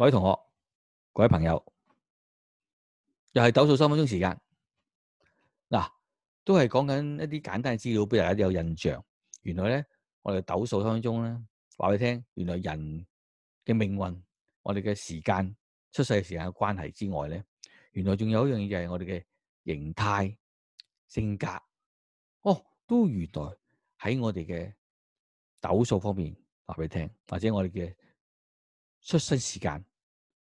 各位同學、各位朋友，又係斗數三分鐘時間。嗱，都係講緊一啲簡單嘅資料，俾大家有印象。原來咧，我哋斗數當中咧，話俾你聽，原來人嘅命運、我哋嘅時間、出世嘅時間嘅關係之外咧，原來仲有一樣嘢就係我哋嘅形態、性格，哦，都原來在喺我哋嘅斗數方面話俾你聽，或者我哋嘅出生時間。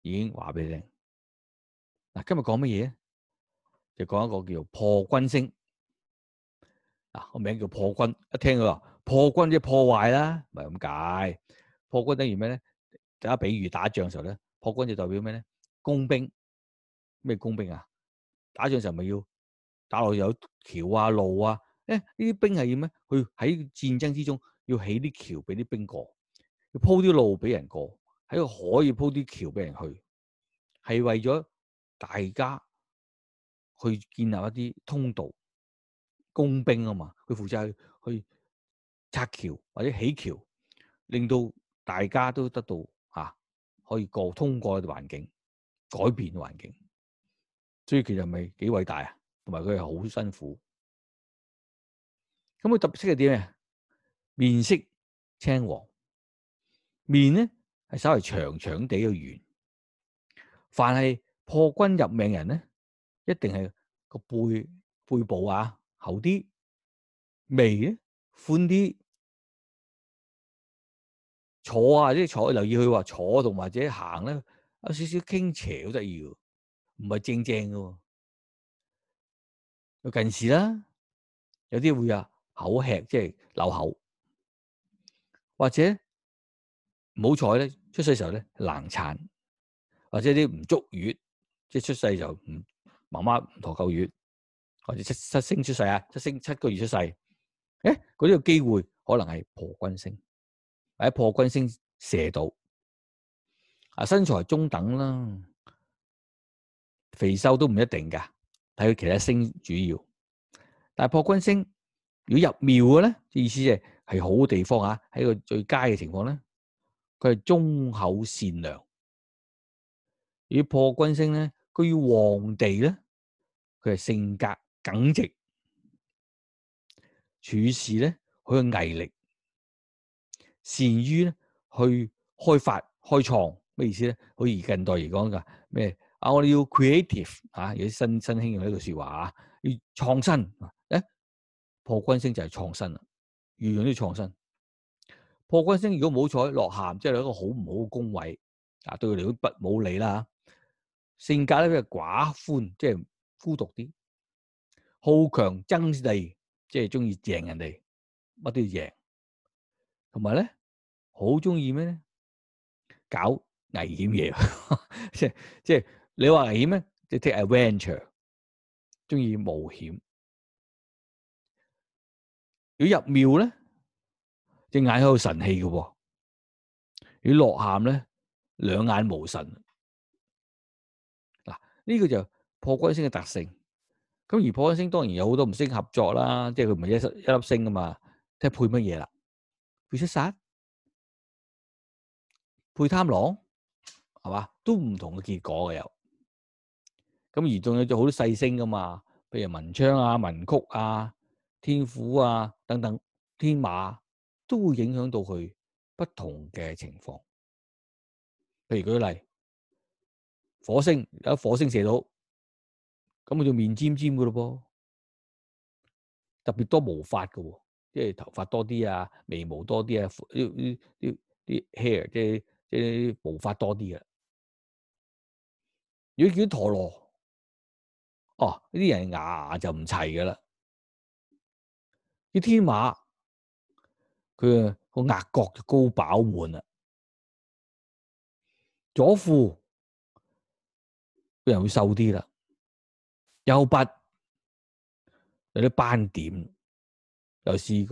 已經話俾你聽，嗱，今日講乜嘢？就講一個叫做破軍星，嗱，個名叫破軍。一聽佢話破軍即破壞啦，咪咁解？破軍等於咩咧？大家比喻打仗嘅時候咧，破軍就代表咩咧？工兵，咩工兵啊？打仗嘅時候咪要打落有橋啊路啊？誒呢啲兵係要咩？去喺戰爭之中要起啲橋俾啲兵過，要鋪啲路俾人過。喺個可以鋪啲橋俾人去，係為咗大家去建立一啲通道。工兵啊嘛，佢負責去拆橋或者起橋，令到大家都得到啊，可以過通過嘅環境，改變的環境。所以其實咪幾偉大啊，同埋佢係好辛苦。咁佢特色係點啊？面色青黃，面咧。係稍微長長地嘅圓，凡係破軍入命人咧，一定係個背背部啊厚啲，眉咧寬啲，坐啊即係坐留意佢話坐同或者行咧，有少少傾斜好得意，唔係正正嘅，有近視啦，有啲會啊口吃即係漏口，或者。冇彩咧，出世時候咧難產，或者啲唔足月，即係出世就唔媽媽唔陀夠月，或者七七星出世啊，七星七個月出世，誒嗰啲嘅機會可能係破軍星，或者破軍星射到啊，身材中等啦，肥瘦都唔一定㗎，睇佢其他星主要，但係破軍星如果入廟嘅咧，意思係係好地方啊，喺個最佳嘅情況咧。佢係忠厚善良，而破軍星咧，關於皇帝咧，佢係性格耿直，處事咧佢有毅力，善於咧去開發開創，咩意思咧？好似近代嚟講噶咩啊？我哋要 creative 啊，有啲新新興用呢句說話啊，要創新。誒、啊，破軍星就係創新啊，遇樣都要創新。破軍星如果冇彩落陷，即係一個好唔好嘅宮位，啊對佢嚟都不冇理啦。性格咧比較寡歡，即係孤獨啲，好強爭地，即係中意贏人哋，乜都要贏。同埋咧，好中意咩咧？搞危險嘢， 即係即係你話危險咩？即係 take adventure，中意冒險。如果入廟咧？眼喺度神氣嘅喎，要落陷咧，兩眼無神嗱。呢、這個就是破軍星嘅特性。咁而破軍星當然有好多唔星合作啦，即係佢唔係一粒一粒星啊嘛，即睇配乜嘢啦，配七煞，配貪狼係嘛，都唔同嘅結果嘅。而有咁而仲有就好多細星噶嘛，譬如文昌啊、文曲啊、天府啊等等，天馬。都會影響到佢不同嘅情況。譬如舉例，火星有火星射到，咁佢就面尖尖嘅咯噃，特別多毛髮嘅，即係頭髮多啲啊，眉毛多啲啊，啲 hair，即係即係毛髮多啲啊。如果見到陀羅，哦，呢啲人牙牙就唔齊嘅啦。啲天馬。佢個額角就高飽滿啦，左輔啲人會瘦啲啦，右弼有啲斑點，尤其是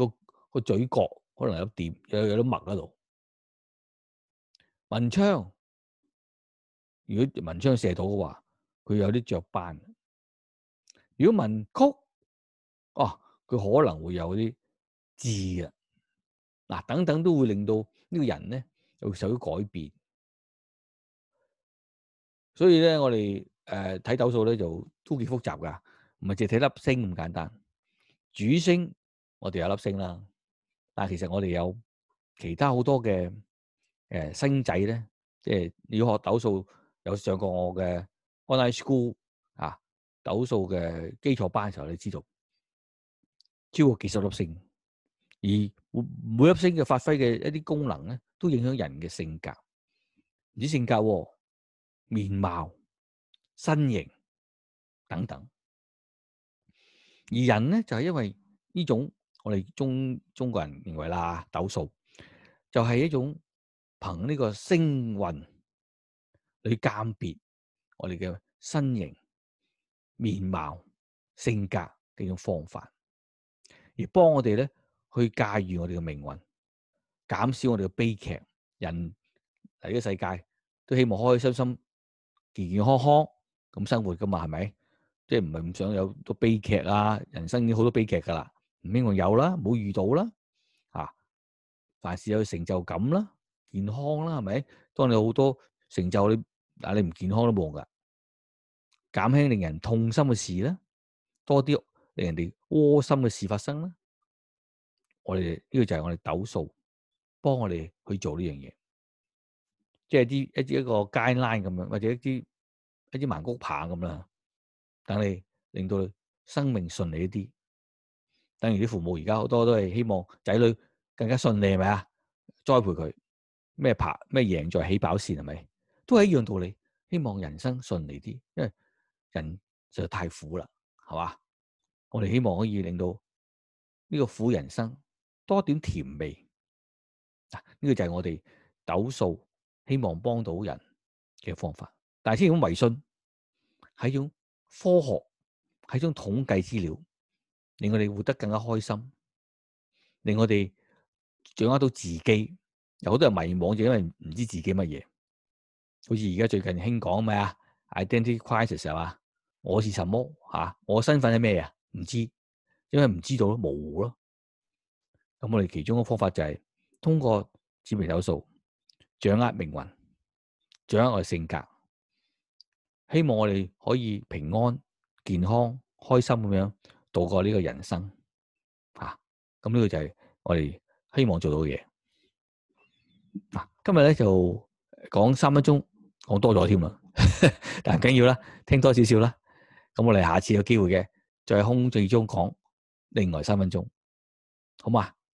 個嘴角可能有點,點有有啲墨喺度，文昌如果文昌射到嘅話，佢有啲雀斑；如果文曲，哦、啊、佢可能會有啲痣。啊。嗱，等等都會令到呢個人咧又會受到改變，所以咧我哋誒睇斗數咧就都幾複雜㗎，唔係淨係睇粒星咁簡單。主星我哋有粒星啦，但係其實我哋有其他好多嘅誒、呃、星仔咧，即係你要學斗數有上過我嘅 online school 啊，斗數嘅基礎班嘅時候，你知道超過幾十粒星。而每一星嘅發揮嘅一啲功能咧，都影響人嘅性格、啲性格、面貌、身形等等。而人咧就係、是、因為呢種我哋中中國人認為啦，斗數就係、是、一種憑呢個星運去鑑別我哋嘅身形、面貌、性格嘅一種方法，而幫我哋咧。去駕馭我哋嘅命運，減少我哋嘅悲劇。人嚟呢個世界都希望開開心心、健健康康咁生活噶嘛，係咪？即係唔係唔想有個悲劇啊？人生已經好多悲劇噶啦，唔希望有啦，冇遇到啦。啊，凡事有成就感啦，健康啦，係咪？當你好多成就，你嗱你唔健康都冇噶。減輕令人痛心嘅事咧，多啲令人哋窩心嘅事發生啦。我哋呢、這個就係我哋斗數，幫我哋去做呢樣嘢，即係啲一啲一個 guide line 咁樣，或者一啲一啲盲公棒咁啦，等你令到你生命順利一啲。等於啲父母而家好多都係希望仔女更加順利，係咪啊？栽培佢咩拍咩贏在起跑線係咪？都係一樣道理，希望人生順利啲，因為人就太苦啦，係嘛？我哋希望可以令到呢個苦人生。多點甜味，嗱，呢個就係我哋斗數希望幫到人嘅方法。但係先用迷信，係種科學，係種統計資料，令我哋活得更加開心，令我哋掌握到自己。有好多人迷惘，就因為唔知道自己乜嘢，好似而家最近興講咩啊，identity crisis 係嘛？我是什麼吓、啊？我身份係咩啊？唔知道，因為唔知道咯，模糊咯。咁我哋其中嘅方法就係通過紫微斗數，掌握命運，掌握我嘅性格，希望我哋可以平安、健康、開心咁樣度過呢個人生。吓、啊，咁呢個就係我哋希望做到嘅嘢。嗱、啊，今日咧就講三分鐘，講多咗添啦。但係唔緊要啦，聽多少少啦。咁我哋下次有機會嘅，再空最終講另外三分鐘，好嘛？